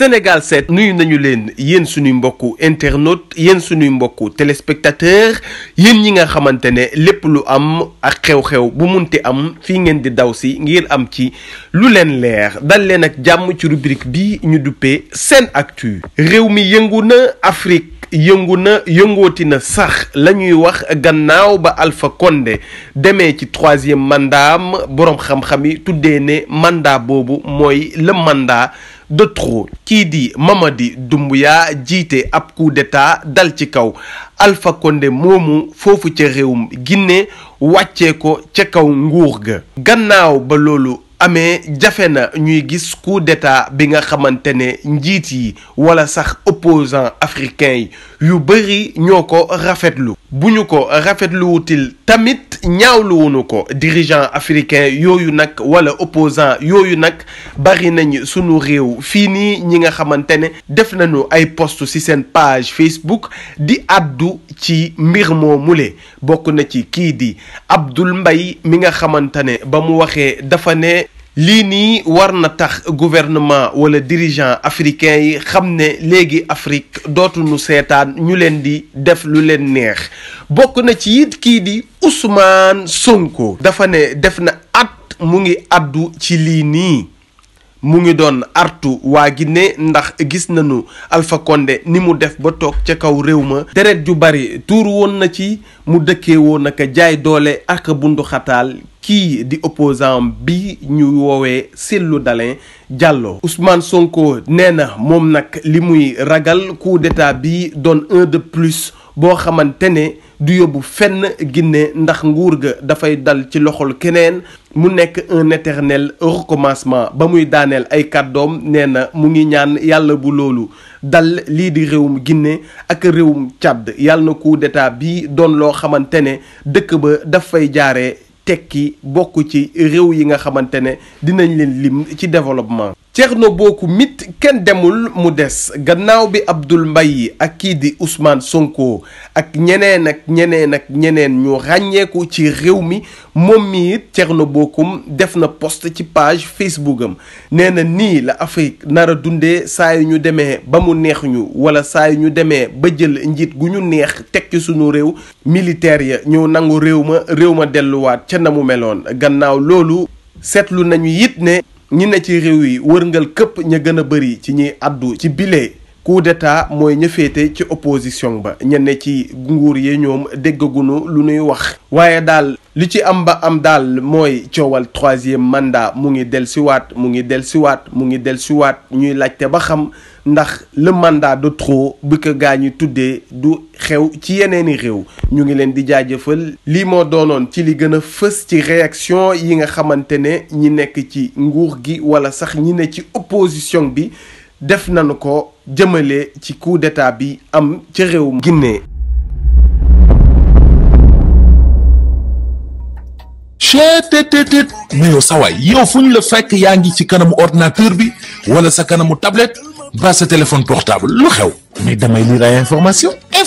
Sénégal seet nuyu nañu leen yéen suñuy mbokku internautes yéen suñuy mbokku téléspectateurs yéen ñi nga xamante ne lépp lu am ak xew-xew bu munti am fii ngeen di daw si ngir am ci lu leen leer dal leen ak jàmm ci rubrique bi ñu duppe seen actu réew mi yëngu na Afrique yëngu na yëngooti na sax lañuy wax gannaaw ba Alpha konde demee ci troisième mandat am boroom xam-xam yi tuddee ne mandat boobu mooy le mandat de trop kii di Mamadi yaa jiite ab coup d'état dal ci kaw Alpha Condé moomu foofu ca réewum Guinée wàccee ko ca kaw nguur ga gannaaw ba loolu amee jafe na ñuy gis coup d'état bi nga xamante ne njiit yi wala sax opposants africains yi yu bëri ñoo ko rafetlu bu ñu ko rafetluwutil tamit ñaawlu ko dirigent africain yooyu nag wala opposant yooyu nag bari nañ sunu réew fii nii ñi nga xamante ne def nañu ay post ci seen page Facebook di àddu ci mbir moo mule bokk na ci kii di Abdoul mbay mi nga xamante ne ba mu waxee dafa ne lii nii war na tax gouvernement wala dirigeant africain yi xam ne léegi Afrique dootuñu seetaan ñu leen di def lu leen neex bokk na ci kii di Ousmane Sonko dafa ne def na at mu ngi addu ci lii nii mu ngi doon artu waa Guinée ndax gis nañu Alpha Condé ni mu def ba toog ca kaw réew ma deret ju bari tuur woon na ci mu dëkkee woon naka jaay doole ak bundu xataal kii di opposant bi ñu woowee Cellou Dalein Diallo Ousmane Sonko nee na moom nag li muy ragal coup d'état bi doon un de plus boo xamante ne du yóbbu fenn Guinée ndax nguur ga dafay dal ci loxol keneen mu nekk un éternel recommencement ba muy daaneel ay kàddoom nee na mu ngi ñaan yàlla bu loolu dal lii di réewum ginne ak réewum càdd yàlla na coup d'état bi doon loo xamante ne dëkk ba daf fay jaaree tekki bokk ci réew yi nga xamante ne dinañ leen lim ci développement Thierno Bocoum mit kenn demul mu des gannaaw bi Abdoul Mbaye ak kii di Ousmane Sonko ak ñeneen ak ñeneen ak ñeneen ñu ràññeeku ci réew mi moom mi it Thierno def na post ci page Facebook am nee na nii la Afrique nara a dundee saa yu ñu demee ba mu neex ñu wala saa yu ñu demee ba jël njiit gu ñu neex teg ci sunu réew militaire ya ñëw nangu réew ma réew ma delluwaat ca na mu meloon gannaaw loolu seetlu nañu it ne ñi ne ci réew yi wërngal képp ña gën a bari ci ñuy addu ci bile coup d'état mooy ña ci opposition ba ñenn ci nguur yi ñoom déggagunu lu nuy wax waaye daal li ci am ba am daal mooy coowal troisième mandat mu ngi dellusiwaat mu ngi dellusiwaat mu ngi dellusiwaat ñuy laajte ba xam ndax le mandat de trop bi ko gaa ñi tuddee du xew ci yeneeni réew ñu ngi leen di jaajëfal lii moo doonoon ci li gën a fës ci réaction yi nga xamante ne ñi nekk ci nguur gi wala sax ñi ne ci opposition bi def nañu ko jëmale ci coup d'état bi am ca réewum Guinée. cheetetetet mais yow sawaay yow fu ñu la fekk yaa ngi ci kanamu ordinateur bi wala sa kanamu tablette ba sa téléphone portable lu xew mais damay lire ay information